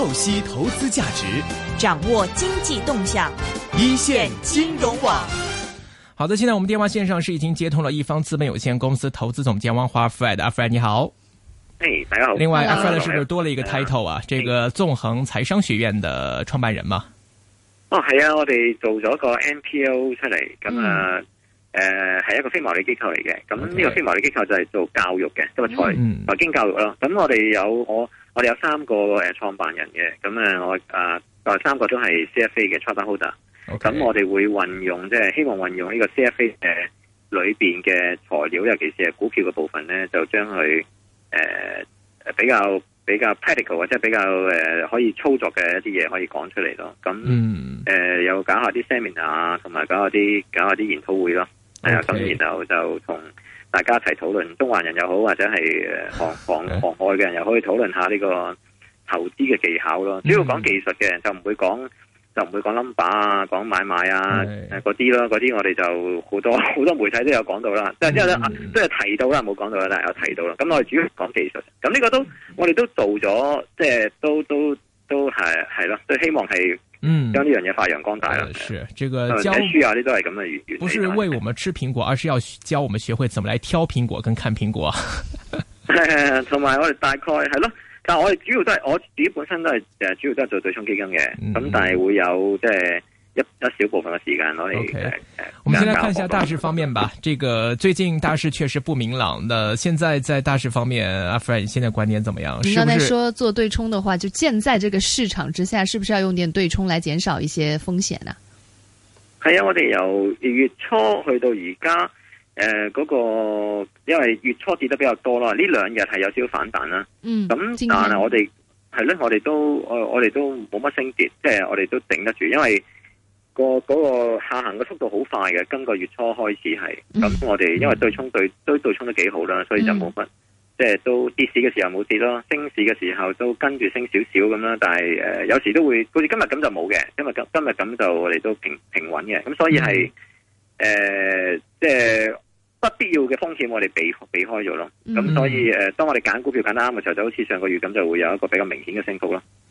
透析投資價值，掌握經濟動向，一線金融網。好的，現在我們電話線上是已經接通了。一方資本有限公司投資總監王華 Fred 阿 Fred 你好。嘿，大家好。另外 Hello. 阿 Fred 是不是多了一個 title 啊？Uh, 這個縱橫財商學院的創辦人嘛？哦，係啊，我哋做咗個 NPO 出嚟，咁啊，誒、嗯，係、呃、一個非牟利機構嚟嘅。咁呢個非牟利機構就係做教育嘅，即係財財經教育咯。咁我哋有我。我哋有三個誒、呃、創辦人嘅，咁、嗯、啊，我啊，呃、我三個都係 CFA 嘅 charter holder Okay.、嗯。咁我哋會運用即係、就是、希望運用呢個 CFA 誒、呃、裏邊嘅材料，尤其是係股票嘅部分咧，就將佢誒比較比較 practical 或者比較誒、呃、可以操作嘅一啲嘢可以講出嚟咯。咁誒又搞下啲 seminar 啊，同埋搞下啲搞下啲研討會咯。係、嗯、啊，咁 Okay. 然後就同。大家一齊討論中環人又好，或者係防防防外嘅人好，又可以討論下呢個投資嘅技巧咯。主要講技術嘅，就唔會講就唔會講 number 啊，講買賣啊，誒嗰啲咯，啲我哋就好多好多媒體都有講到啦。即係即係即係提到啦，冇講到啦，但係有提到啦。咁我哋主要講技術，咁呢個都我哋都做咗，即、就、係、是、都都都係係咯，所希望係。嗯，將呢樣嘢發揚光大啦、啊。是，這個教書啊啲都係咁嘅，不是為我們吃蘋果，而是要教我們學會怎麼來挑蘋果跟看蘋果。同埋、嗯、 我哋大概係咯，但係我哋主要都係我自己本身都係誒、呃，主要都係做對沖基金嘅，咁、嗯嗯、但係會有即係。呃一一小部分嘅時間囉。我們先嚟 Okay.、uh, 看一下大市方面吧。 這個最近大市確實不明朗的。那現在在大市方面，阿 Fred、 啊、現在觀點怎麼樣？你剛才說是是做對沖的話，就建在這個市場之下，是不是要用點對沖來減少一些風險啊？係啊，我哋由月初去到而家，誒、呃，嗰、那個因為月初跌得比較多啦，呢兩日係有少少反彈啦。嗯。咁但係我哋係咧，我哋都誒、呃，我哋都冇乜升跌，即、就、係、是、我哋都頂得住，因為。個嗰個下行嘅速度好快嘅，今個月初開始係，咁我哋因為對沖對都對沖得幾好啦，所以就冇乜，即係都跌市嘅時候冇跌咯，升市嘅時候都跟住升少少咁啦。但係誒，有時都會好似今日咁就冇嘅，因為今日咁就我哋都平平穩嘅，咁所以係誒，即係不必要嘅風險我哋避避開咗咯。咁所以誒，當我哋揀股票揀啱嘅時候，就好似上個月咁就會有一個比較明顯嘅升幅啦。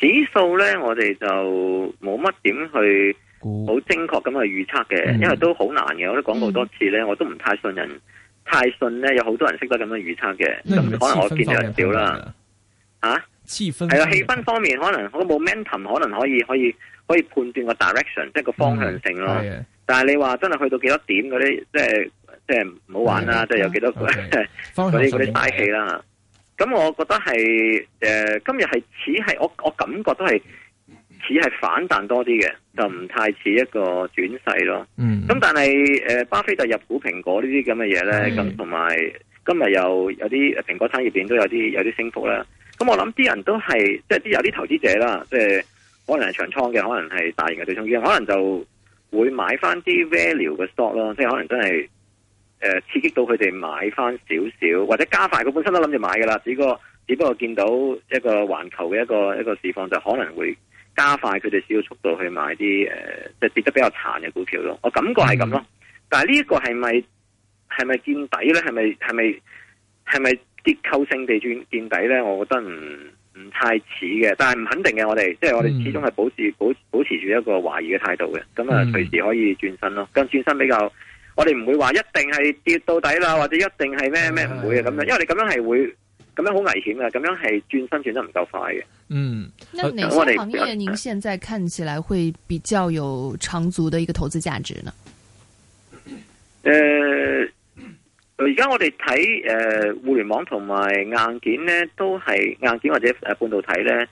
指數咧，我哋就冇乜點去好精確咁去預測嘅，嗯、因為都好難嘅。我都講過多次咧，嗯、我都唔太信人。太信咧，有好多人識得咁樣預測嘅，咁可能我見一少啦。啊，氣分係啦，氣氛方面可能嗰個 momentum 可能，可，能，可，能可以可以可以判斷個 direction，即係個方向性咯。嗯、但係你話真係去到幾多點嗰啲，即係即係唔好玩啦，即係有幾多方向性嗰啲嘥氣啦。咁我覺得係誒、呃、今日係似係我我感覺都係似係反彈多啲嘅，就唔太似一個轉勢咯。嗯、mm。咁、hmm. 但係誒、呃，巴菲特入股蘋果呢啲咁嘅嘢咧，咁同埋今日又有啲蘋果產業鏈都有啲有啲升幅啦。咁我諗啲人都係即係啲有啲投資者啦，即、就、係、是、可能係長倉嘅，可能係大型嘅對沖嘅，可能就會買翻啲 value 嘅 stock 咯，即係可能真係。呃、刺激到佢哋買翻少少，或者加快佢本身都諗住買噶啦，只只不過見到一個環球嘅一個一個市況，就可能會加快佢哋少少速度去買啲誒，即、呃、係跌得比較殘嘅股票咯。我感覺係咁咯，嗯、但係呢一個係咪係咪見底呢？係咪係咪係咪結構性地轉見底呢？我覺得唔唔太似嘅，但係唔肯定嘅。我哋、嗯、即係我哋始終係保持保保持住一個懷疑嘅態度嘅，咁啊隨時可以轉身咯。咁、嗯、轉身比較。我哋唔會話一定係跌到底啦，或者一定係咩咩唔會呀咁樣，因為你咁樣係會咁樣好危險嘅，咁樣係轉身轉得唔夠快嘅。嗯，那哪些行業您現在看起來會比較有長足的一個投資價值呢？誒、呃，呃、而家我哋睇誒互聯網同埋硬件呢，都係硬件或者誒半導體呢。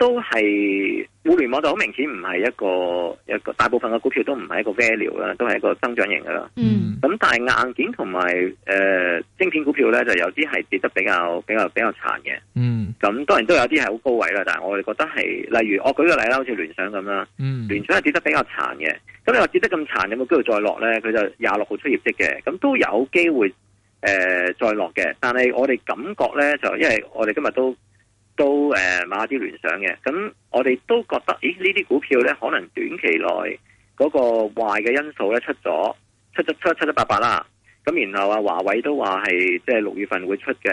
都係互聯網就好明顯唔係一個一個大部分嘅股票都唔係一個 value 啦，都係一個增長型嘅啦。嗯。咁但係硬件同埋誒晶片股票咧，就有啲係跌得比較比較比較殘嘅。嗯。咁當然都有啲係好高位啦，但係我哋覺得係，例如我舉個例啦，好似聯想咁啦。嗯。聯想係跌得比較殘嘅，咁你話跌得咁殘有冇機會再落咧？佢就廿六號出業績嘅，咁都有機會誒、呃、再落嘅。但係我哋感覺咧，就因為我哋今日都。都誒、呃、買一啲聯想嘅。咁我哋都覺得，咦，呢啲股票呢，可能短期內嗰、嗰個壞嘅因素呢，出咗，出咗出七七八八啦。咁然後啊，華為都話係即係六月份會出嘅誒、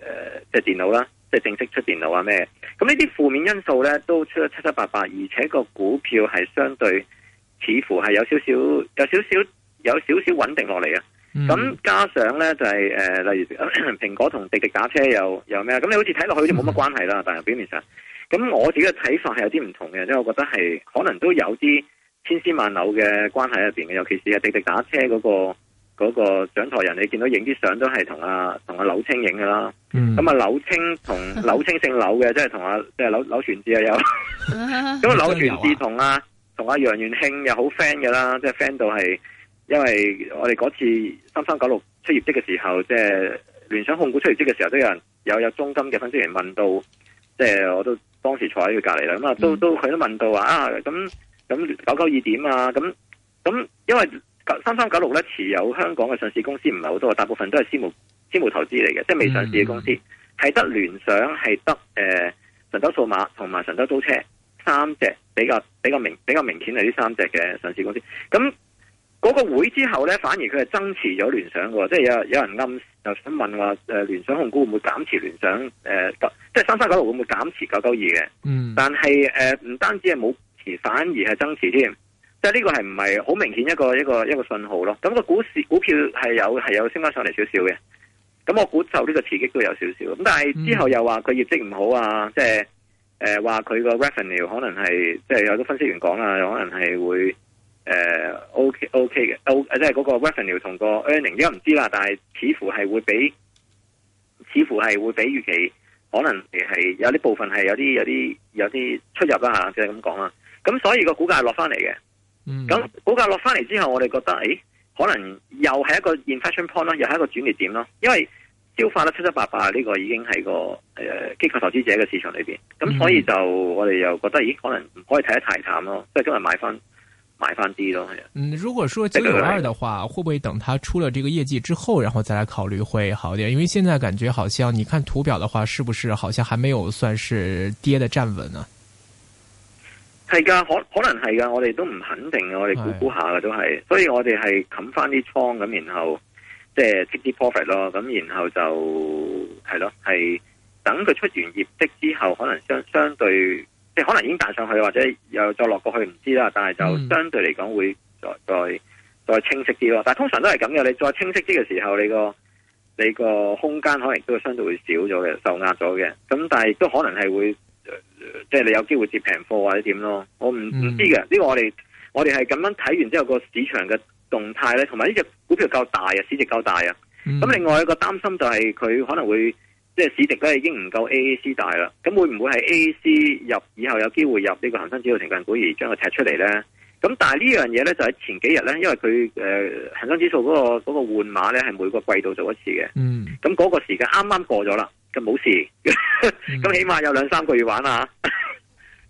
呃，即係電腦啦，即係正式出電腦啊咩？咁呢啲負面因素呢，都出咗七七八八，而且個股票係相對似乎係有少少有少少有少少穩定落嚟啊。咁、嗯、加上咧就係、是、誒、呃，例如咳咳蘋果同滴滴打車有有咩啊？咁你好似睇落去好似冇乜關係啦，嗯、但係表面上，咁我自己嘅睇法係有啲唔同嘅，即係我覺得係可能都有啲千絲萬縷嘅關係入邊嘅，尤其是係滴滴打車嗰、那個嗰、那個掌台人，你見到影啲相都係同阿同阿柳青影嘅啦。咁啊、嗯，柳青同 柳青姓柳嘅，即係同阿即係柳柳傳志啊有。咁啊，柳傳志同阿同阿楊元慶又好 friend 嘅啦，即係 friend 到係。因為我哋嗰次三三九六出業績嘅時候，即係聯想控股出業績嘅時候，都有人有中金嘅分析員問到，即係我都當時坐喺佢隔籬啦，咁啊都都佢、嗯、都問到話啊，咁咁九九二點啊，咁咁因為三三九六咧持有香港嘅上市公司唔係好多，大部分都係私募私募投資嚟嘅，即係未上市嘅公司係、嗯嗯嗯、得聯想係得誒、呃、神州數碼同埋神州租車三隻比較比較明比較明顯係呢三隻嘅上市公司咁。嗰個會之後咧，反而佢係增持咗聯想喎，即係有有人暗又想問話誒聯想控股會唔會減持聯想誒、呃，即係三三九六會唔會減持九九二嘅？嗯，但係誒唔單止係冇持，反而係增持添，即係呢個係唔係好明顯一個一個一個信號咯？咁、個股市股票係有係有升翻上嚟少少嘅，咁我估受呢個刺激都有少少。咁但係之後又話佢業績唔好啊，即係誒話、呃、佢個 revenue 可能係即係有啲分析員講啊，可能係會。誒、uh,，OK OK 嘅，O 即係嗰個 Revenue 同個 Earning，而家唔知啦，但係似乎係會比，似乎係會比預期，可能係有啲部分係有啲有啲有啲出入啊吓，即係咁講啦。咁所以個股價落翻嚟嘅，咁、嗯、股價落翻嚟之後，我哋覺得誒，可能又係一個 inflection point 咯，又係一個轉捩點咯，因為消化得七七八八呢、這個已經係個誒機構投資者嘅市場裏邊，咁所以就我哋又覺得，咦，可能唔可以睇得太淡咯，即係今日買翻。買翻啲咯，係啊，嗯，如果說九九二的話，會唔會等佢出了這個業績之後，然後再來考慮會好啲？因為現在感覺好像，你看圖表的話，是不是好像還沒有算是跌的站穩啊？係噶，可可能係噶，我哋都唔肯定，我哋估估下噶的都係，所以我哋係冚翻啲倉咁，然後即係 take 啲 profit 咯，咁然後就係咯，係等佢出完業績之後，可能相相對。即可能已經彈上去，或者又再落過去唔知啦。但係就相對嚟講會再再、嗯、再清晰啲咯。但係通常都係咁嘅。你再清晰啲嘅時候，你個你個空間可能都相對會少咗嘅，受壓咗嘅。咁但係都可能係會，即、就、係、是、你有機會接平貨或者點咯。我唔唔、嗯、知嘅。呢、這個我哋我哋係咁樣睇完之後個市場嘅動態咧，同埋呢隻股票夠大啊，市值夠大啊。咁、嗯、另外一個擔心就係佢可能會。即係市值都已經唔夠 AAC 大啦，咁會唔會係 A A C 入以後有機會入呢個恒生指數成分股而將佢踢出嚟咧？咁但係呢樣嘢咧，就喺前幾日咧，因為佢誒恒生指數嗰、嗰個嗰、嗰個換碼咧係每個季度做一次嘅，咁嗰、嗯、個時間啱啱過咗啦，咁冇事，咁、嗯、 起碼有兩三個月玩啦，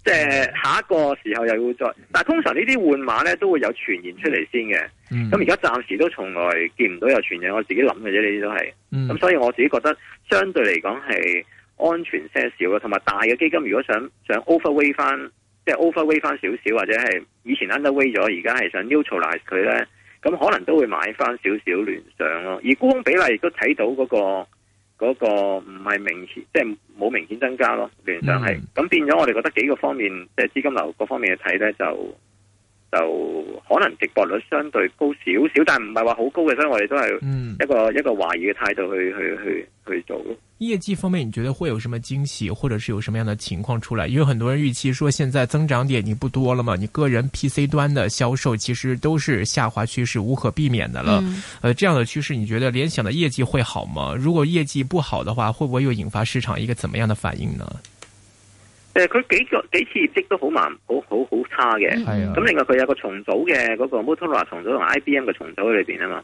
即係、嗯、 下一個時候又要再，但係通常換碼呢啲換碼咧都會有傳言出嚟先嘅，咁而家暫時都從來見唔到有傳言，我自己諗嘅啫，呢啲都係，咁、嗯、所以我自己覺得。相對嚟講係安全些少嘅，同埋大嘅基金如果想想 overweight 翻 over，即係 overweight 翻少少或者係以前 underweight 咗，而家係想 neutralize 佢咧，咁可能都會買翻少少聯想咯。而沽空比例亦都睇到嗰、嗰個、嗰個唔係明顯，即係冇明顯增加咯。聯想係咁、嗯、變咗，我哋覺得幾個方面，即係資金流各方面去睇咧就。就可能直播率相對高少少，但唔係話好高嘅，所以我哋都係一個、嗯、一個懷疑嘅態度去去去去做咯。業績方面，你覺得會有什麼驚喜，或者是有什麼樣的情況出來？因為很多人預期說，現在增長點已經不多了嘛，你個人 PC 端的銷售其實都是下滑趨勢，無可避免的了。嗯、呃，這樣的趨勢，你覺得聯想的業績會好嗎？如果業績不好的話，會不會又引發市場一個怎麼樣的反應呢？誒佢幾個幾次業績都好慢好好好差嘅。咁、嗯、另外佢有個重組嘅嗰、那個 Motorola 重組同 IBM 嘅重組喺裏面啊嘛。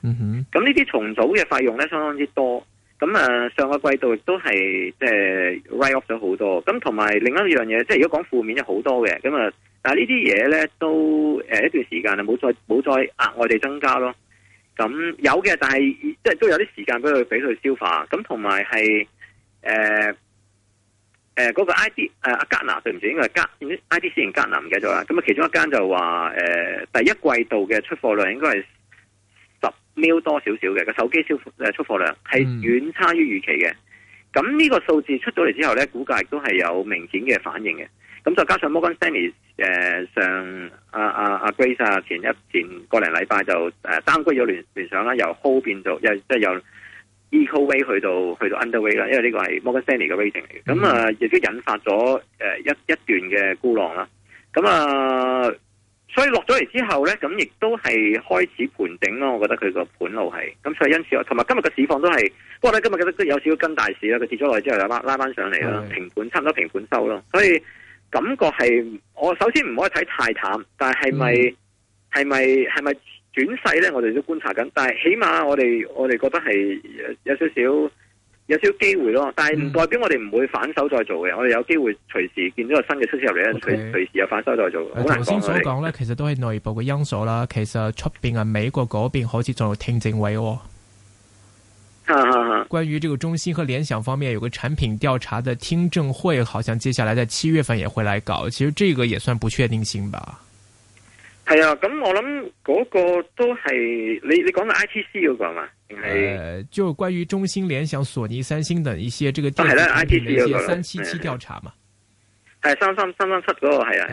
咁呢啲重組嘅費用咧，相當之多。咁啊，上個季度亦都係即係 write off 咗好多。咁同埋另一樣嘢，即係如果講負面就好多嘅。咁啊，但係呢啲嘢咧都誒、呃、一段時間啊，冇再冇再額外地增加咯。咁有嘅，但係即係都有啲時間俾佢俾佢消化。咁同埋係誒。誒嗰、呃，那個 ID 誒阿加拿對唔住，應該係 ID 先係加拿，唔記得咗啦。咁啊，其中一間就話誒、呃，第一季度嘅出貨量應該係十 million 多少少嘅個手機銷誒出貨量係遠差於預期嘅。咁呢個數字出咗嚟之後咧，股價亦都係有明顯嘅反應嘅。咁再加上摩根 Stanley、呃、上阿阿阿 Grace 啊，前一前個零禮拜就誒、呃、單據咗聯聯想啦，由變做又即係又。EcoWay 去到去到 underway 啦，因為呢個係 Morgan Stanley 嘅 rating 嚟嘅，咁啊亦都引發咗誒、呃、一一段嘅孤浪啦。咁、嗯、啊、呃，所以落咗嚟之後咧，咁亦都係開始盤頂咯。我覺得佢個盤路係，咁所以因此同埋今日嘅市況都係。不過咧，今日覺得都有少少跟大市啦，佢跌咗落去之後就拉拉翻上嚟啦，的平盤差唔多平盤收咯。所以感覺係我首先唔可以睇太淡，但係咪係咪係咪？轉勢咧，我哋都觀察緊，但係起碼我哋我哋覺得係有少少有少少機會咯。但係唔代表我哋唔會反手再做嘅，嗯、我哋有機會隨時見到個新嘅消息入嚟 Okay,，隨隨時又反手再做。我頭先所講咧，是其實都係內部嘅因素啦。其實出邊啊，美國嗰邊好似仲有聽證委喎、哦。嗯嗯嗯。啊、關於這個中興和聯想方面有個產品調查的聽證會，好像接下來在七月份也會來搞。其實這個也算不確定性吧。係啊，咁我諗嗰個都係你你講嘅 I T C 嗰、那個係嘛？誒、呃，就關於中興、聯想、索尼、三星等一些這個係啦 I T C 嗰個三七七調查嘛，係三三三三七嗰個係啊，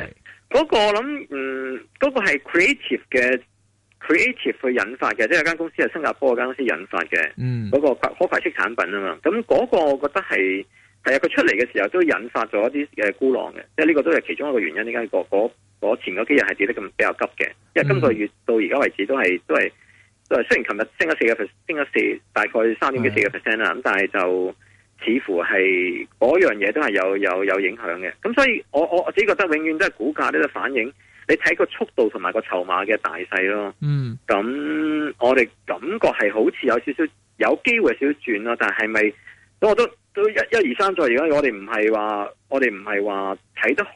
嗰、那個、的個我諗嗯，嗰、那個係 creative 嘅 creative 去引發嘅，即係有間公司係新加坡一間公司引發嘅，嗰、嗯、個可攜式產品啊嘛，咁、那、嗰個我覺得係係啊，佢出嚟嘅時候都引發咗一啲嘅孤狼嘅，即係呢個都係其中一個原因，呢間嗰嗰。這個我前嗰幾日係跌得咁比較急嘅，因為今個月到而家為止都係都係，雖然琴日升咗四個 percent，升咗四大概三點幾四個 percent 啦，咁是的 但係就似乎係嗰樣嘢都係有有有影響嘅。咁所以我我自己覺得永遠都係股價呢個反應，你睇個速度同埋個籌碼嘅大細咯。嗯，咁我哋感覺係好似有少少有機會少少轉囉，但係咪？咁我都，都一一二三再，而家我哋唔係話。我哋唔係話睇得好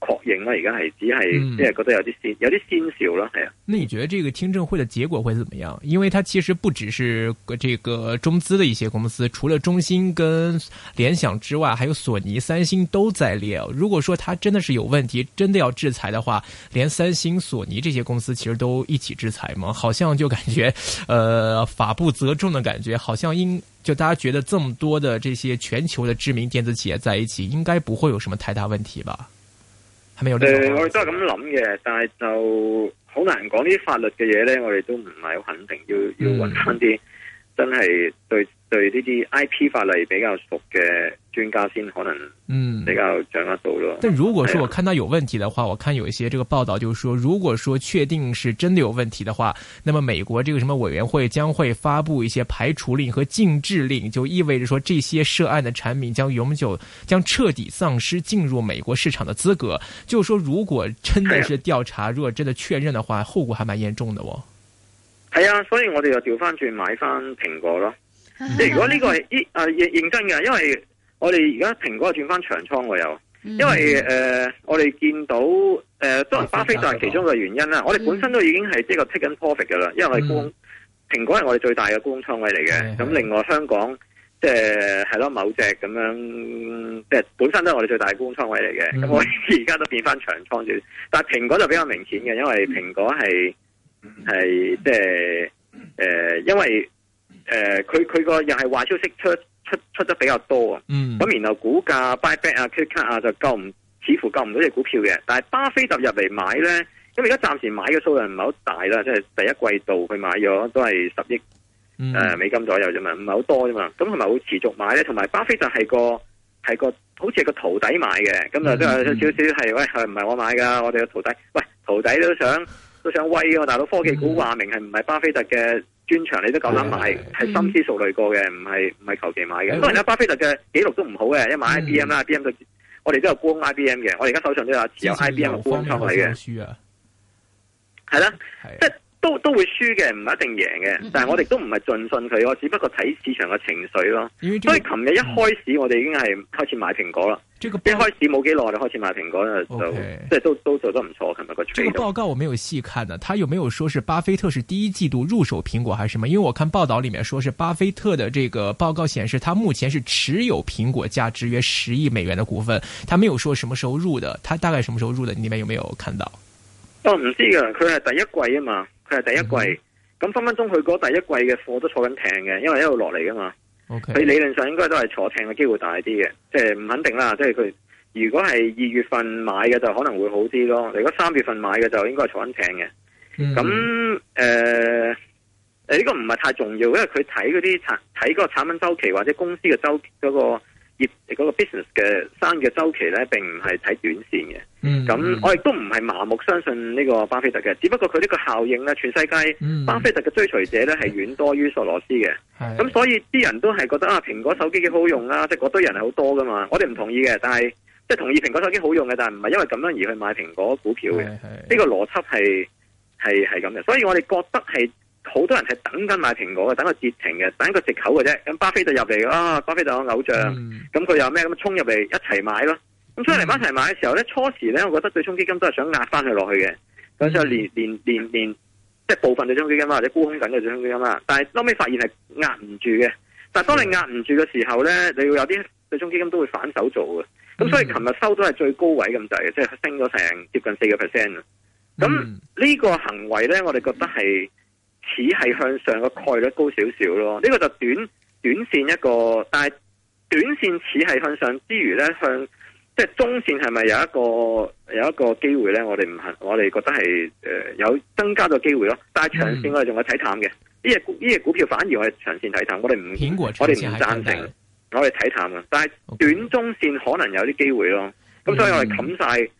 確認啦，而家係只係即係覺得有啲先、嗯、有啲先兆啦，係啊。那你覺得這個聽證會的結果會怎麼樣？因為它其實不只是個這個中資的一些公司，除了中興跟聯想之外，還有索尼、三星都在列。如果說它真的是有問題，真的要制裁的話，連三星、索尼這些公司其實都一起制裁嗎？好像就感覺，呃，法不責眾的感覺，好像應就大家覺得這麼多的這些全球的知名電子企業在一起，應該。不會有什麼太大問題吧？係咪有呢。誒，我哋都係咁諗嘅，但係就好難講啲法律嘅嘢咧。我哋都唔係好肯定，要要揾翻啲真係對。對呢啲 IP 法例比較熟的專家先可能，嗯，比較掌握到咯、嗯。但如果說我看到有問題的話，啊、我看有一些這個報道，就是說，如果說確定是真的有問題的話，那麼美國這個什麼委員會將會發布一些排除令和禁制令，就意味着說這些涉案的產品將永久將徹底喪失進入美國市場的資格。就是、說如果真的是調查，啊、如果真的確認的話，後果還蠻嚴重的、哦。我係啊，所以我哋又調翻轉買翻蘋果咯。即係、嗯、如果呢個係依啊認認真嘅，因為我哋而家蘋果係轉翻長倉我又，嗯、因為誒、呃、我哋見到誒都、呃、巴菲特係其中一個原因啦，嗯、我哋本身都已經係即係 take 緊 profit 嘅啦，因為我哋公蘋果係我哋最大嘅公倉位嚟嘅，咁、嗯、另外香港即係係咯某隻咁樣，即係本身都係我哋最大嘅公倉位嚟嘅，咁、嗯、我而家都變翻長倉住，但係蘋果就比較明顯嘅，因為蘋果係係即係誒因為。誒，佢佢個又係壞消息出出出得比較多啊，咁、嗯、然後股價 buy back 啊、cut cut 啊就救唔，似乎救唔到隻股票嘅。但係巴菲特入嚟買咧，咁而家暫時買嘅數量唔係好大啦，即係第一季度佢買咗都係十億誒、嗯呃、美金左右啫嘛，唔係好多啫嘛。咁係咪會持續買咧，同埋巴菲特係個係個好似係個徒弟買嘅，咁啊即係少少係喂，係唔係我買噶，我哋個徒弟，喂徒弟都想都想威我大佬科技股話明係唔係巴菲特嘅。專場你都夠膽買，係深思熟慮過嘅，唔係唔係求其買嘅。嗯、當然啦，巴菲特嘅記錄都唔好嘅，因為買 IBM 啦、嗯、IBM 嘅我哋都有沽 IBM 嘅，我哋而家手上都有持有 IBM 嘅沽倉位嘅，係啦、啊，即係。都都會輸嘅，唔一定贏嘅。但係我哋都唔係盡信佢，我只不過睇市場嘅情緒咯。因為這個、所以琴日一開市，我哋已經係開始買蘋果啦。這個一開市冇幾耐，就我哋開始買蘋果咧，就即係 Okay. 都都做得唔錯。琴日個這個報告我沒有細看呢，他有沒有說是巴菲特是第一季度入手蘋果還是什麼？因為我看報道裏面說是巴菲特的這個報告顯示，他目前是持有蘋果價值約十億美元的股份，他沒有說什麼時候入的，他大概什麼時候入的？你哋有沒有看到？哦，我唔知噶，佢係第一季啊嘛。佢係第一季，咁、嗯、哼分分鐘佢嗰第一季嘅貨都坐緊艇嘅，因為一路落嚟噶嘛。佢 Okay. 理論上應該都係坐艇嘅機會大啲嘅，即係唔肯定啦。即係佢如果係二月份買嘅就可能會好啲咯，如果三月份買嘅就應該係坐緊艇嘅。咁誒誒呢個唔係太重要，因為佢睇嗰啲產睇個產品周期或者公司嘅周期嗰個嗰、那個 business 嘅生嘅周期咧，並唔係睇短線嘅。嗯、mm，咁、hmm. 我亦都唔係盲目相信呢個巴菲特嘅，只不過佢呢個效應咧，全世界巴菲特嘅追隨者咧係遠多於索羅斯嘅。係、mm，咁、hmm. 所以啲人都係覺得啊，蘋果手機幾好用啊，即係嗰堆人係好多噶嘛。我哋唔同意嘅，但係即係同意蘋果手機好用嘅，但係唔係因為咁樣而去買蘋果股票嘅。呢、mm hmm. 個邏輯係係係咁嘅。所以我哋覺得係。好多人係等緊買蘋果嘅，等佢跌停嘅，等佢直口嘅啫。咁巴菲特入嚟，啊，巴菲特偶像，咁佢、嗯、又咩咁衝入嚟一齊買咯。咁衝入嚟一齊買嘅時候咧，初時咧，我覺得對沖基金都係想壓翻佢落去嘅。咁、嗯、所以連連連連即係部分對沖基金或者沽空緊嘅對沖基金啦。但係後屘發現係壓唔住嘅。但係當你壓唔住嘅時候咧，你會有啲對沖基金都會反手做嘅。咁所以琴日收都係最高位咁滯嘅，即係升咗成接近四個 percent。咁呢個行為咧，我哋覺得係。似係向上個概率高少少咯，呢、這個就是短短線一個，但係短線似係向上之餘呢，向即係中線係咪有一個有一個機會咧？我哋唔係，我哋覺得係誒、呃、有增加咗機會咯。但係長線我哋仲有睇淡嘅，呢隻呢隻股票反而我哋長線睇淡，我哋唔我哋唔贊成，我哋睇淡啊！但係短中線，線可能有啲機會咯。咁 Okay.、嗯、所以我哋冚晒。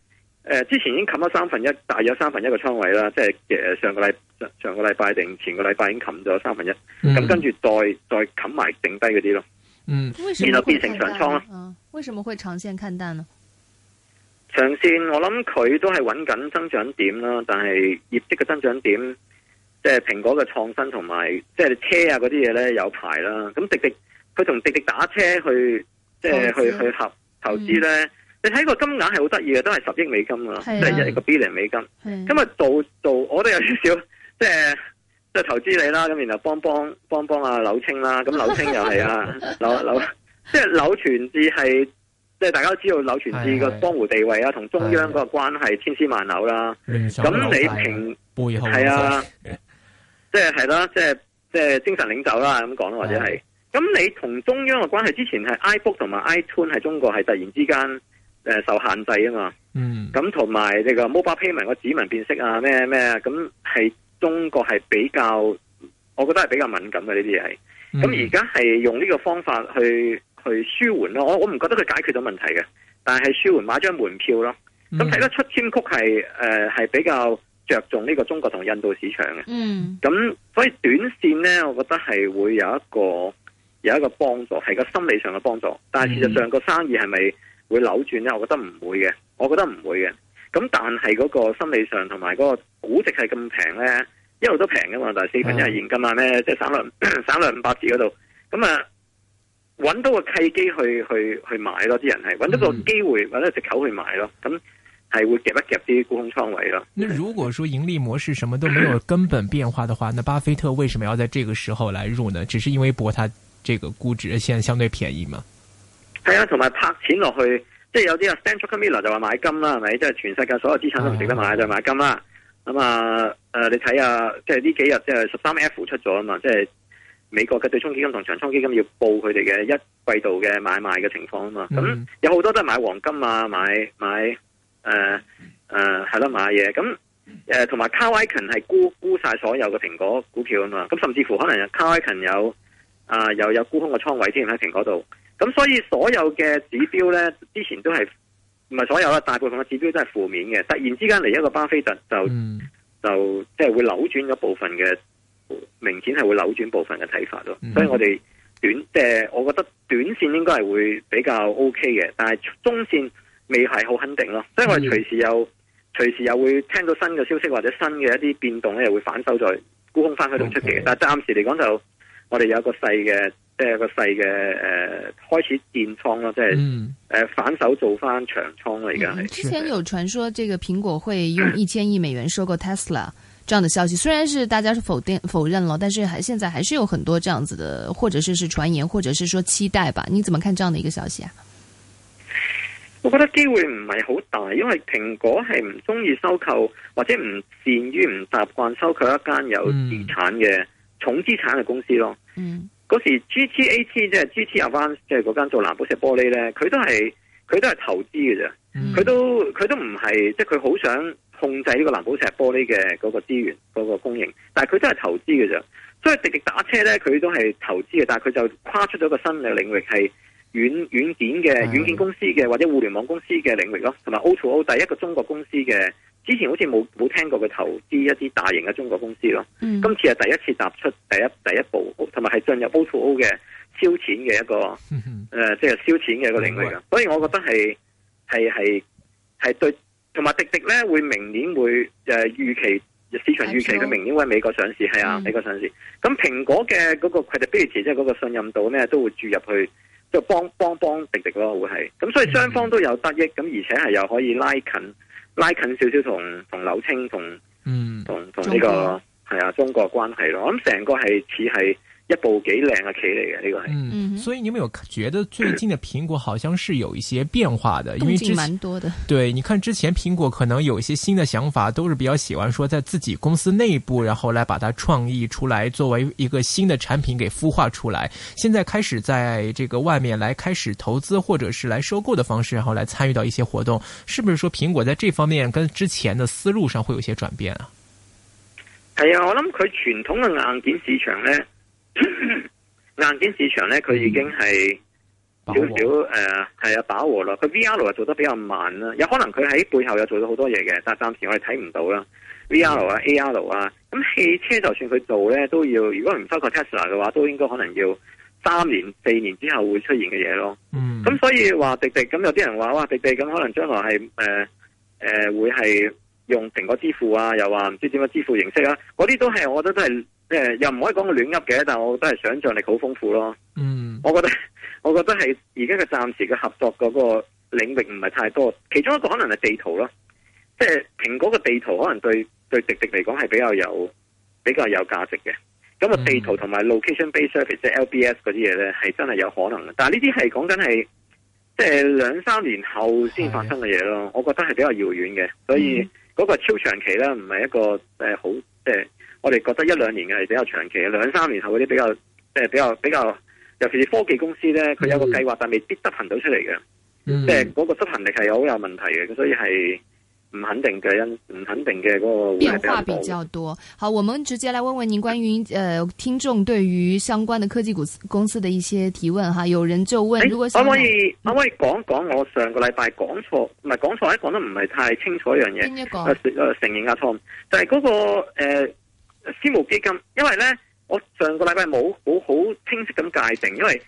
誒、呃，之前已經冚咗三分一，大約三分一個倉位啦，即係誒上個禮上個禮拜定前個禮拜已經冚咗三分一、嗯，咁跟住再再冚埋剩低嗰啲咯，嗯，然後變成長倉啦。為什麼會長線看淡呢？長線我諗佢都係揾緊增長點啦，但係業績嘅增長點，即係蘋果嘅創新同埋，即係車啊嗰啲嘢咧有排啦。咁滴滴佢同滴滴打車去，即係去資去合投資咧。嗯。你睇個金額係好得意嘅，都係十億美金噶，即係、啊、一個 Billion 美金。咁啊，做做，我都有少少，即係即係投資你啦。咁然後幫幫幫幫阿柳青啦。咁、啊、柳青又係啊，柳 柳，即係柳傳志係，即係、就是、大家都知道柳傳志個江湖地位啊，同中央個關係千絲萬縷啦。咁你平背後係、就是、啊，即係係啦，即係即係精神領袖啦，咁講或者係。咁是是 你同中央嘅關係，之前係 iBook 同埋 iTunes 係中國係突然之間。誒，受限制啊嘛，嗯，咁同埋呢個 mobile payment 個指紋辨識啊，咩咩啊，咁係中國係比較，我覺得係比較敏感嘅呢啲嘢，咁而家係用呢個方法去去舒緩咯，我我唔覺得佢解決咗問題嘅，但係舒緩買張門票咯，咁睇、嗯、得出 Tim Cook 係誒係比較着重呢個中國同印度市場嘅，嗯，咁所以短線咧，我覺得係會有一個有一個幫助，係個心理上嘅幫助，但係事實上個生意係咪？會扭轉咧？我覺得唔會嘅，我覺得唔會嘅。咁但係嗰個心理上同埋嗰個估值係咁平咧，一路都平噶嘛。但係四分一係現金啊，咧即係省略省略五百字嗰度。咁啊，揾到個契機去去去買咯，啲人係揾到個機會，揾到借口去買咯。咁係會夾一夾啲沽空倉位咯。那如果說盈利模式什麼都沒有根本變化的話，那巴菲特為什麼要在這個時候來入呢？只是因為博他這個估值現在相對便宜嘛？係啊，同埋拍錢落去，即係有啲啊，Stan Druckenmiller 就話買金啦，係咪？即係全世界所有資產都唔值得買，啊、就買金啦。咁啊，呃、你睇下、啊，即係呢幾日即係十三 F 出咗啊嘛，即係美國嘅對沖基金同長倉基金要報佢哋嘅一季度嘅買賣嘅情況啊嘛。咁、嗯、有好多都係買黃金啊，買買誒係啦買嘢。咁同埋 Carl Icahn 係沽沽曬所有嘅蘋果股票啊嘛。咁甚至乎可能有 Carl Icahn 有啊又有，有沽空嘅倉位之前喺蘋果度。咁、嗯、所以所有嘅指標咧，之前都係唔係所有啦，大部分嘅指標都係負面嘅。突然之間嚟一個巴菲特，就就即係會扭轉咗部分嘅，明顯係會扭轉部分嘅睇法咯。所以我哋短，即、呃、我覺得短線應該係會比較 OK 嘅，但係中線未係好肯定咯。即係我哋隨時有隨、嗯、時又會聽到新嘅消息或者新嘅一啲變動咧，又會反手再沽空翻佢度出奇嘅。明白。但係暫時嚟講就。我哋有一個細嘅，即係有個細嘅誒，開始建倉咯，即係誒、嗯呃、反手做翻長倉嚟㗎、嗯。之前有傳說，這個蘋果會用一千億美元收購 Tesla，這樣的消息，嗯、雖然是大家是否定否認咯，但是還現在還是有很多這樣子的，或者是是傳言，或者是說期待吧？你怎麼看這樣的一個消息啊？我覺得機會唔係好大，因為蘋果係唔中意收購，或者唔善於、唔習慣收購一間有資產嘅。嗯重資產嘅公司咯，嗰、嗯、時 GTAT 即係 GT Advanced，即係嗰間做藍寶石玻璃咧，佢都係佢都係投資嘅啫，佢、嗯、都佢都唔係即係佢好想控制呢個藍寶石玻璃嘅嗰個資源、嗰、嗰個供應，但係佢都係投資嘅啫，所以滴滴打車咧佢都係投資嘅，但係佢就跨出咗個新嘅領域係軟軟件嘅的軟件公司嘅或者互聯網公司嘅領域咯，同埋 O to O 第一個中國公司嘅。之前好似冇冇聽過佢投資一啲大型嘅中國公司咯，嗯、今次係第一次踏出第一第一步，同埋係進入 O to O 嘅燒錢嘅一個，誒、嗯，即係燒錢嘅一個領域嘅。嗯、所以我覺得係係係係對，同埋滴滴咧會明年會誒預、呃、期市場預期佢明年會喺美國上市，係、嗯、啊，美國上市。咁蘋、嗯、果嘅嗰個 credibility 即係嗰個信任度咧都會注入去，即係幫幫幫滴滴咯，會係。咁所以雙方都有得益，咁而且係又可以拉近。拉近少少同同柳青同嗯同同呢個係啊中國，啊中國嘅關係咯，我諗成個係似係。一部幾靚嘅企嚟嘅呢個係、嗯，所以你有冇覺得最近嘅蘋果好像是有一些變化的？因為之前，動靜蠻多的。對，你看之前蘋果可能有一些新的想法，都是比較喜歡說在自己公司內部，然後來把它創意出來，作為一個新的產品給孵化出來。現在開始在這個外面來開始投資，或者是來收購的方式，然後來參與到一些活動。是不是說蘋果在這方面跟之前的思路上會有些轉變啊？係啊，我諗佢傳統嘅硬件市場呢。硬件 市場咧，佢已經係少少誒，係啊、嗯，飽和啦。佢 V R 又做得比較慢啦，有可能佢喺背後有做咗好多嘢嘅，但係暫時我哋睇唔到啦。V R 啊，A R 啊，咁、嗯啊、汽車就算佢做咧，都要如果唔收購 Tesla 嘅話，都應該可能要三年、四年之後會出現嘅嘢咯。咁、嗯、所以話滴滴，咁有啲人話哇，滴滴，咁可能將來係誒誒會係用蘋果支付啊，又話唔知點樣支付形式啊，嗰啲都係，我覺得都係，即、呃、又唔可以講個亂噏嘅，但係我都係想像力好豐富咯。嗯，mm. 我覺得，我覺得係而家嘅暫時嘅合作嗰個領域唔係太多，其中一個可能係地圖咯，即係蘋果嘅地圖可能對對滴滴嚟講係比較有比較有價值嘅。咁啊，地圖同埋 location-based service、mm. 即係 LBS 嗰啲嘢咧係真係有可能嘅，但係呢啲係講緊係即係兩三年後先發生嘅嘢咯，是的我覺得係比較遙遠嘅，所以。Mm. 嗰個是超長期咧，唔係一個誒、呃、好，即、呃、係我哋覺得一兩年嘅係比較長期，兩三年後嗰啲比較，即、呃、係比較比較，尤其是科技公司咧，佢有一個計劃，但未必執行到出嚟嘅，嗯、即係嗰個執行力係好有問題嘅，所以係。唔肯定嘅因唔肯定嘅嗰、那個的變化比較多。好，我們直接來問問您關於誒、呃、聽眾對於相關的科技股司公司的一些提問哈。有人就問，可唔、欸、可以可唔、嗯、可以講講我上個禮拜講錯唔係講錯，係講得唔係太清楚一樣嘢。誒誒，承認個錯，就係嗰個誒私募基金，因為咧我上個禮拜冇好好清晰咁界定，因為。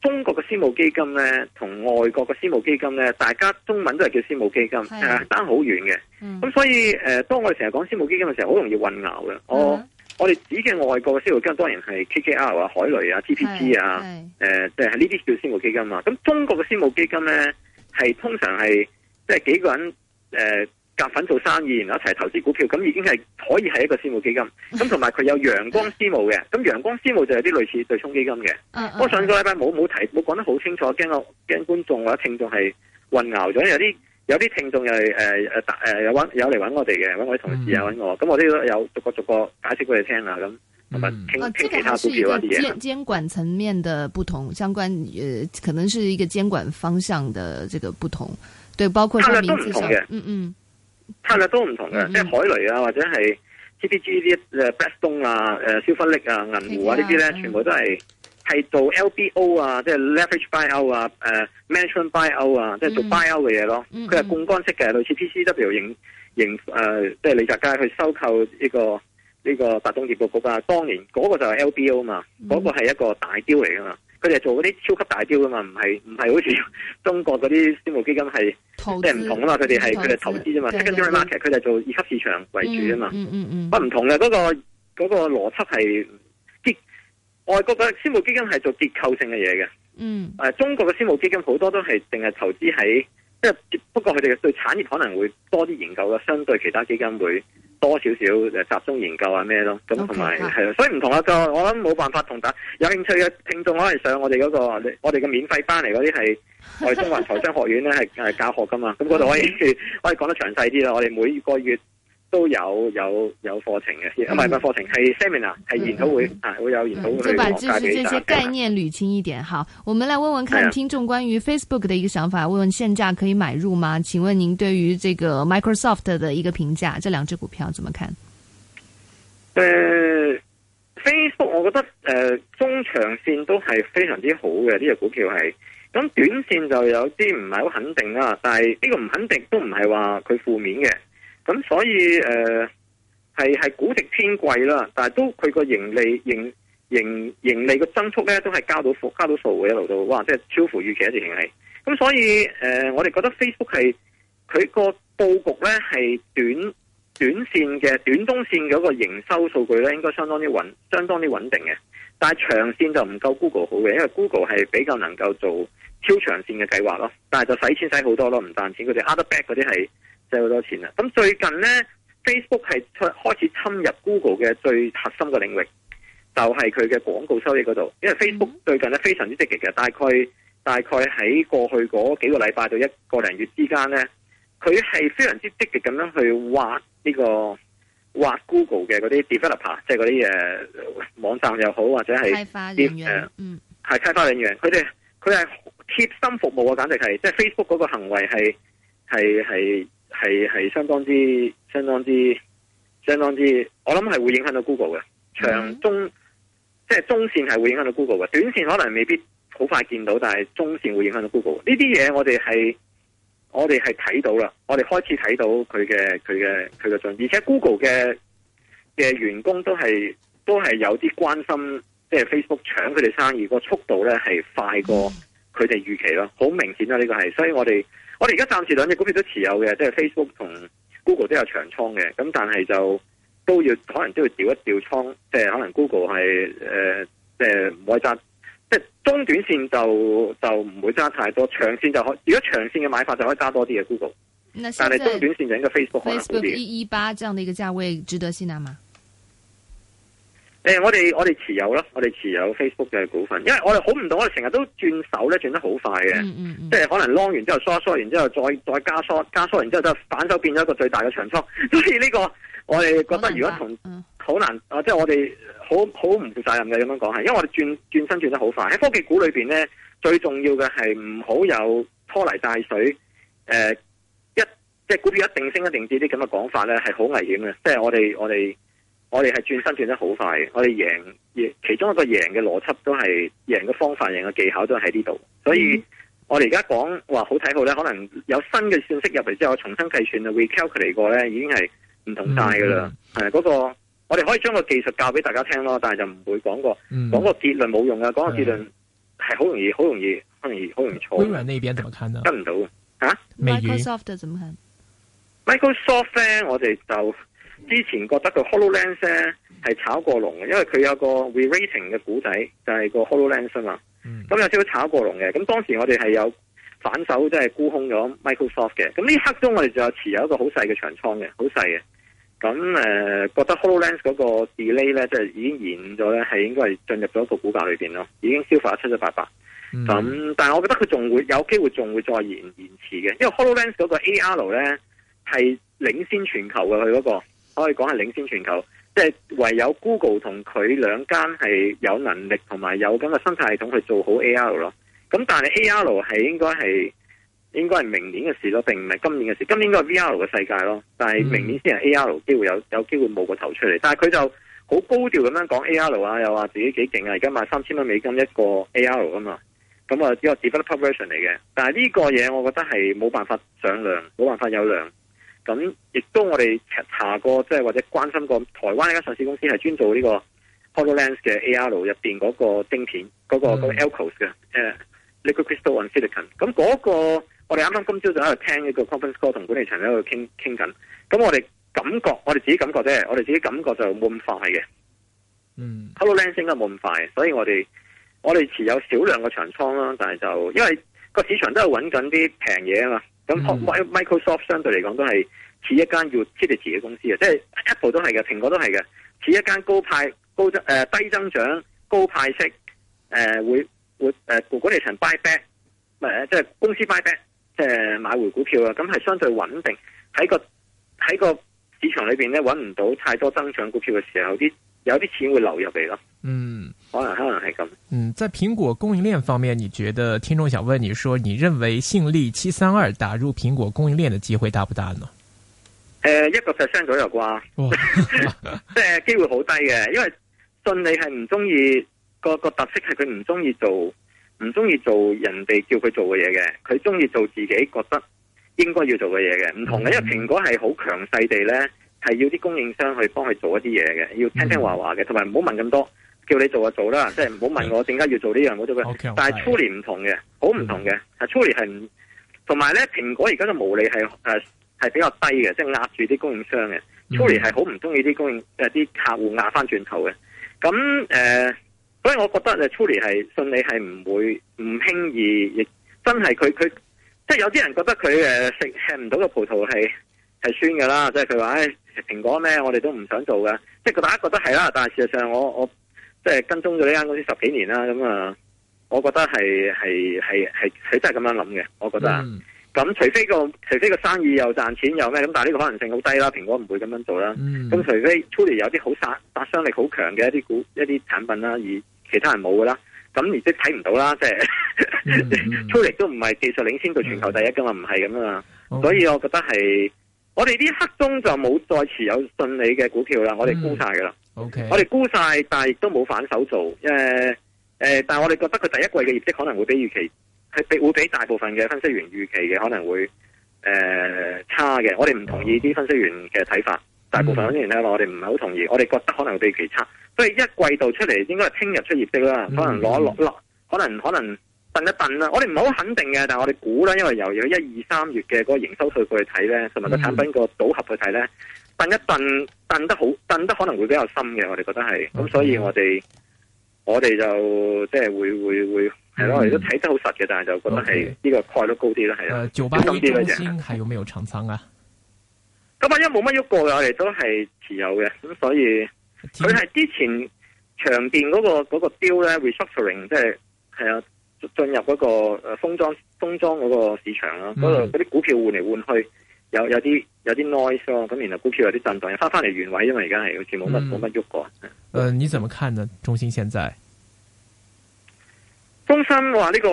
中國嘅私募基金咧，同外國嘅私募基金咧，大家中文都係叫私募基金，係啊的，但好遠嘅。咁、嗯嗯、所以誒、呃，當我哋成日講私募基金嘅時候，好容易混淆嘅。哦 uh huh. 我我哋指嘅外國嘅私募基金，當然係 KKR 啊、海雷啊、TPP 啊的，誒、呃，即係呢啲叫私募基金啊。咁、嗯、中國嘅私募基金咧，係通常係即係幾個人誒。呃夾粉做生意，然後一齊投資股票，咁已經係可以係一個私募基金。咁同埋佢有陽光私募嘅，咁陽光私募就有啲類似對沖基金嘅。啊啊、我上個禮拜冇冇提，冇講得好清楚，驚我驚觀眾或者聽眾係混淆咗。有啲有啲聽眾又係、呃呃、有有嚟揾我哋嘅，揾我啲同事啊揾我，咁我都要有逐個逐個解釋畀你聽啦，咁同埋傾其他股票嗰啲嘢。啊，係、這個、監管層面嘅不同，相關可能是一個監管方向嘅這個不同，對，包括名字上，嗯嗯。策略都唔同嘅，嗯、即係海雷啊，或者係 TPG 啲誒 Blackstone 啊、誒蕭分力啊、銀、啊、湖啊呢啲咧，嗯、全部都係係、嗯、做 L B O 啊，即、就、係、是、Leverage Buy Out 啊、誒、啊、Management Buy Out 啊，嗯、即係做 Buy Out 嘅嘢咯。佢係槓桿式嘅，嗯、類似 P C W 型型誒，即係李澤楷去收購呢、這個呢、這個白東業布局啊。當年嗰個就係 L B O 嘛，嗰、嗯、個係一個大雕嚟噶嘛。佢哋做嗰啲超級大雕噶嘛，唔係唔係好似中國嗰啲私募基金係。即係唔同啊嘛，佢哋係佢哋投資啫嘛，secondary market 佢哋係做二級市場為主啊嘛，嗯嗯嗯嗯、不唔同嘅嗰、那個嗰、那個邏輯係結外國嘅私募基金係做結構性嘅嘢嘅，嗯，誒、啊、中國嘅私募基金好多都係淨係投資喺，即係不過佢哋對產業可能會多啲研究咯，相對其他基金會。多少少誒集中研究啊咩咯，咁同埋係咯，所以唔同啊，就我諗冇辦法同大家。有興趣嘅聽眾可以上我哋嗰、嗰個，我哋嘅免費班嚟，嗰啲係我哋中環財商學院咧係係教學㗎嘛，咁嗰度可以 Okay. 可以講得詳細啲啦，我哋每個月。都有有有課程嘅，唔係唔係課程，係 seminar，係研討會嗯嗯啊，會有研討會、嗯、就把就是這些概念捋清一點。好，我們來問問，問看聽眾關於 Facebook 的一個想法。問、啊、問現價可以買入嗎？請問您對於這個 Microsoft 的一個評價？這兩隻股票怎麼看？誒、呃，Facebook，我覺得誒、呃，中長線都係非常之好嘅呢隻股票係。咁短線就有啲唔係好肯定啦，但係呢個唔肯定都唔係話佢負面嘅。咁所以誒係係估值偏貴啦，但係都佢個盈利盈盈盈利個增速咧，都係加到加到數嘅一路到，哇！即係超乎預期一直盈利。咁所以誒、呃，我哋覺得 Facebook 係佢個布局咧係短短線嘅短中線嗰個營收數據咧，應該相當之穩，相當之穩定嘅。但係長線就唔夠 Google 好嘅，因為 Google 係比較能夠做超長線嘅計劃咯。但係就使錢使好多咯，唔賺錢。佢哋 other back 嗰啲係。借好多錢啦！咁最近呢 Facebook 係出開始侵入 Google 嘅最核心嘅領域，就係佢嘅廣告收益嗰度。因為 Facebook 最近呢、嗯、非常之積極嘅，大概大概喺過去嗰幾個禮拜到一個零月之間呢，佢係非常之積極咁樣去挖呢、這個挖 Google 嘅嗰啲 developer，即係嗰啲誒、啊、網站又好或者係開發人員，啊、嗯，係開發人員。佢哋佢係貼心服務啊，簡直係即係、就是、Facebook 嗰個行為係係係。係係相當之、相當之、相當之，我諗係會影響到 Google 嘅長、mm hmm. 中，即係中線係會影響到 Google 嘅，短線可能未必好快見到，但係中線會影響到 Google。呢啲嘢我哋係我哋係睇到啦，我哋開始睇到佢嘅佢嘅佢嘅進，而且 Google 嘅嘅員工都係都係有啲關心，即係 Facebook 搶佢哋生意個速度咧係快過佢哋預期啦，好、mm hmm. 明顯啦呢個係，所以我哋。我哋而家暫時兩隻股票都持有嘅，即係 Facebook 同 Google 都有長倉嘅，咁但係就都要可能都要調一調倉，即係可能 Google 係誒，即係唔會揸，即係中短線就就唔會揸太多，長線就可，如果長線嘅買法就可以揸多啲嘅 Google。但係中短線就應該 Facebook 可以揸啲。Facebook 一一八，這樣嘅一個價位值得吸納嗎？誒、欸，我哋我哋持有啦，我哋持有 Facebook 嘅股份，因為我哋好唔同，我哋成日都轉手咧，轉得好快嘅，嗯嗯、即係可能 long 完之後縮梳，梳完之後，再再加梳，加梳完之後，就反手變咗一個最大嘅長倉，所以呢、這個我哋覺得如果同好難、嗯、難，啊、即係我哋好好唔負責任嘅咁樣講係，因為我哋轉轉身轉得好快，喺科技股裏邊咧，最重要嘅係唔好有拖泥帶水，誒、呃、一即係股票一定升一定跌啲咁嘅講法咧，係好危險嘅，即係我哋我哋。我哋係轉身轉得好快，我哋贏，其中一個贏嘅邏輯都係贏嘅方法，贏嘅技巧都喺呢度。所以我哋而家講話好睇好咧，可能有新嘅信息入嚟之後，重新計算啊，recalculate 過咧，已經係唔同晒噶啦。係嗰、嗯嗰個我哋可以將個技術教俾大家聽咯，但係就唔會講過。嗯、講個結論冇用啊，講個結論係好容易，好容易，好容易，好容易錯。微軟嗰邊點睇呢？跟唔到啊？Microsoft 點睇？Microsoft 我哋就。之前覺得個 HoloLens 咧係炒過龍嘅，因為佢有個 re-rating 嘅故仔就係、是、個 HoloLens 啊嘛。咁、mm. 有少少炒過龍嘅。咁當時我哋係有反手即係、就是、沽空咗 Microsoft 嘅。咁呢刻中我哋就持有一個好細嘅長倉嘅，好細嘅。咁誒、呃、覺得 HoloLens 嗰個 delay 咧，即係已經延咗咧，係應該係進入咗個股價裏邊咯，已經消化得七七八八。咁、mm. 但係我覺得佢仲會有機會，仲會再延延遲嘅，因為 HoloLens 嗰個 AR 咧係領先全球嘅佢嗰個。可以講係領先全球，即係唯有 Google 同佢兩間係有能力同埋有咁嘅生態系統去做好 AR 咯。咁但係 AR 係應該係應該係明年嘅事咯，並唔係今年嘅事。今年應該係 VR 嘅世界咯，但係明年先係 AR 機會有有機會冒個頭出嚟。但係佢就好高調咁樣講 AR 啊，又話自己幾勁啊，而家賣三千蚊美金一個 AR 啊嘛。咁啊，因為 developer version 嚟嘅，但係呢個嘢我覺得係冇辦法上量，冇辦法有量。咁亦都我哋查過，即係或者關心過台灣一間上市公司係專做呢個 HoloLens 嘅 AR 入邊嗰個晶片嗰、那個嗰、嗯、個 LCoS 嘅誒、uh, Liquid Crystal on Silicon。咁嗰個我哋啱啱今朝就喺度聽呢個 conference call，同管理層喺度傾傾緊。咁我哋感覺，我哋自己感覺啫，我哋自己感覺就冇咁快嘅。嗯，HoloLens 應該冇咁快，所以我哋我哋持有少量嘅長倉啦，但係就因為個市場都係揾緊啲平嘢啊嘛。咁、嗯、Microsoft 相對嚟講都係似一間 utility 嘅公司嘅，即係 Apple 都係嘅，蘋果都係嘅，似一間高派高增、呃、低增長高派息誒、呃、會會誒管理層 buy back，即係公司 buy back、呃、即係、呃、買回股票啊。咁係相對穩定喺個喺個市場裏面咧揾唔到太多增長股票嘅時候，啲有啲錢會流入嚟咯。嗯。可能可能係咁。嗯，在蘋果供應鏈方面，你覺得聽眾想問你說，你認為信利七三二打入蘋果供應鏈嘅機會大不大呢？誒、呃，一個 percent 左右啩，即係機會好低嘅，因為信利係唔中意，個個特色係佢唔中意做，唔中意做人哋叫佢做嘅嘢嘅，佢中意做自己覺得應該要做嘅嘢嘅，唔同嘅。因為蘋果係好強勢地呢，係要啲供應商去幫佢做一啲嘢嘅，要聽聽話話嘅，同埋唔好問咁多。叫你做就做啦，即係唔好問我點解要做呢樣冇做嘅。但係 Truly 唔同嘅，好唔同嘅。係 Truly 係，同埋咧，蘋果而家嘅毛利係係係比較低嘅，即係壓住啲供應商嘅。Truly 係好唔中意啲供應誒啲、啊、客戶壓翻轉頭嘅。咁誒、呃，所以我覺得誒 Truly 係信你係唔會唔輕易，亦真係佢佢，即係有啲人覺得佢誒食吃唔到嘅葡萄係係酸嘅啦，即係佢話誒蘋果咩，我哋都唔想做嘅。即係大家覺得係啦，但係事實上我我。即係跟蹤咗呢間公司十幾年啦，咁啊，我覺得係係係係佢真係咁樣諗嘅，我覺得。咁、嗯、除非個除非個生意又賺錢又咩，咁但係呢個可能性好低啦，蘋果唔會咁樣做啦。咁、嗯、除非 Tulie 有啲好殺殺傷力好強嘅一啲股一啲產品啦，而其他人冇噶啦，咁而即係睇唔到啦，即係 Tulie 都唔係技術領先到全球第一噶嘛，唔係咁啊嘛，哦、所以我覺得係我哋啲黑中就冇再持有信你嘅股票啦，嗯、我哋沽晒噶啦。Okay. 我哋沽晒，但係亦都冇反手做。誒、呃、誒、呃，但係我哋覺得佢第一季嘅業績可能會比預期係會比大部分嘅分析員預期嘅可能會誒、呃、差嘅。我哋唔同意啲分析員嘅睇法。Oh. 大部分分析員咧話我哋唔係好同意，我哋覺得可能會比預期差。所以一季度出嚟應該係聽日出業績啦，Mm hmm.，可能落一落，可能可能頓一頓啦。我哋唔係好肯定嘅，但係我哋估啦，因為由由一二三月嘅嗰個營收數據去睇咧，同埋個產品個組合去睇咧。Mm hmm. 燉一燉，燉得好，燉得可能會比較深嘅，我哋覺得係，咁 Okay. 所以我哋我哋就即係會會會係咯，我哋都睇得好實嘅，mm. 但係就覺得係呢個概率高啲啦。係啊 Okay. 的。做班八六中心還有沒有長倉啊？咁八一冇乜喐過嘅，我哋都係持有嘅，咁所以佢係天之前長電嗰個嗰、嗰個標咧 restructuring 即係係啊，進入嗰個誒封裝封裝嗰個市場啦，嗰度嗰啲股票換嚟換去。有有啲有啲 noise 咯，哦，咁然後股票有啲震盪，又翻翻嚟原位，因為而家係好似冇乜冇乜喐過。誒、呃，你怎麼看呢？中心現在，中心話呢個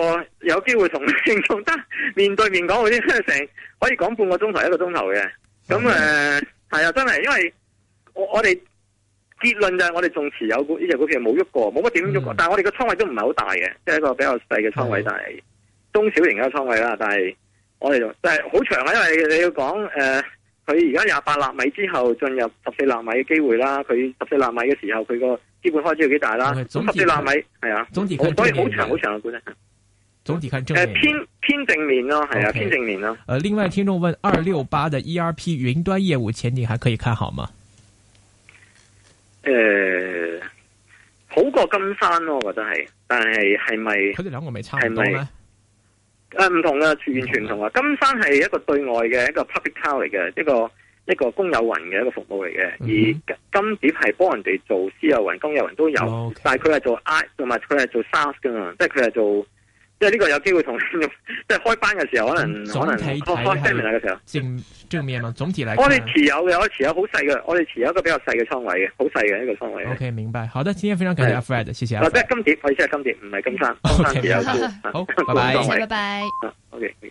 有機會同同得面對面講嗰啲，成可以講半個鐘頭一個鐘頭嘅。咁、嗯、誒、係、嗯、啊，真係，因為我我哋結論就係我哋仲持有呢隻、這個、股票冇喐過，冇乜點喐過，嗯、但係我哋個倉位都唔係好大嘅，即、就、係、是、一個比較細嘅倉位，但係中小型嘅倉位啦，但係。我哋就但係好長啊，因為你要講誒，佢而家廿八納米之後進入十四納米嘅機會啦，佢十四納米嘅時候佢個基本開支有幾大啦，十四、okay, 納米係啊，總體可以好長好長嘅估計，總體看正面誒，偏偏正面咯，係啊、呃，偏正面咯。誒，另外聽眾問二六八嘅 ERP 雲端業務前景還可以看好嗎？誒、呃，好過金山咯，我覺得係，但係係咪佢哋兩個未差唔多咧？是誒唔、呃、同啊，完全唔同啊！金山係一個對外嘅一個 public cloud 嚟嘅，一個一個公有雲嘅一個服務嚟嘅，嗯、哼而金蝶係幫人哋做私有雲、公有雲都有，哦 okay. 但係佢係做 I 同埋佢係做 SaaS 㗎噶嘛，即係佢係做。即係呢個有機會同，即係開班嘅時候可能，體體可能開聲明嚟嘅時候正正面咯。總體嚟講，我哋持有嘅，我哋持有好細嘅，我哋持有一個比較細嘅倉位嘅，好細嘅一個倉位。Okay，明白，好的，今天非常感謝 Fred，是謝謝阿 Fred。嗱即係金跌，我意思係金跌，唔係金升。好，拜拜。拜拜。Okay。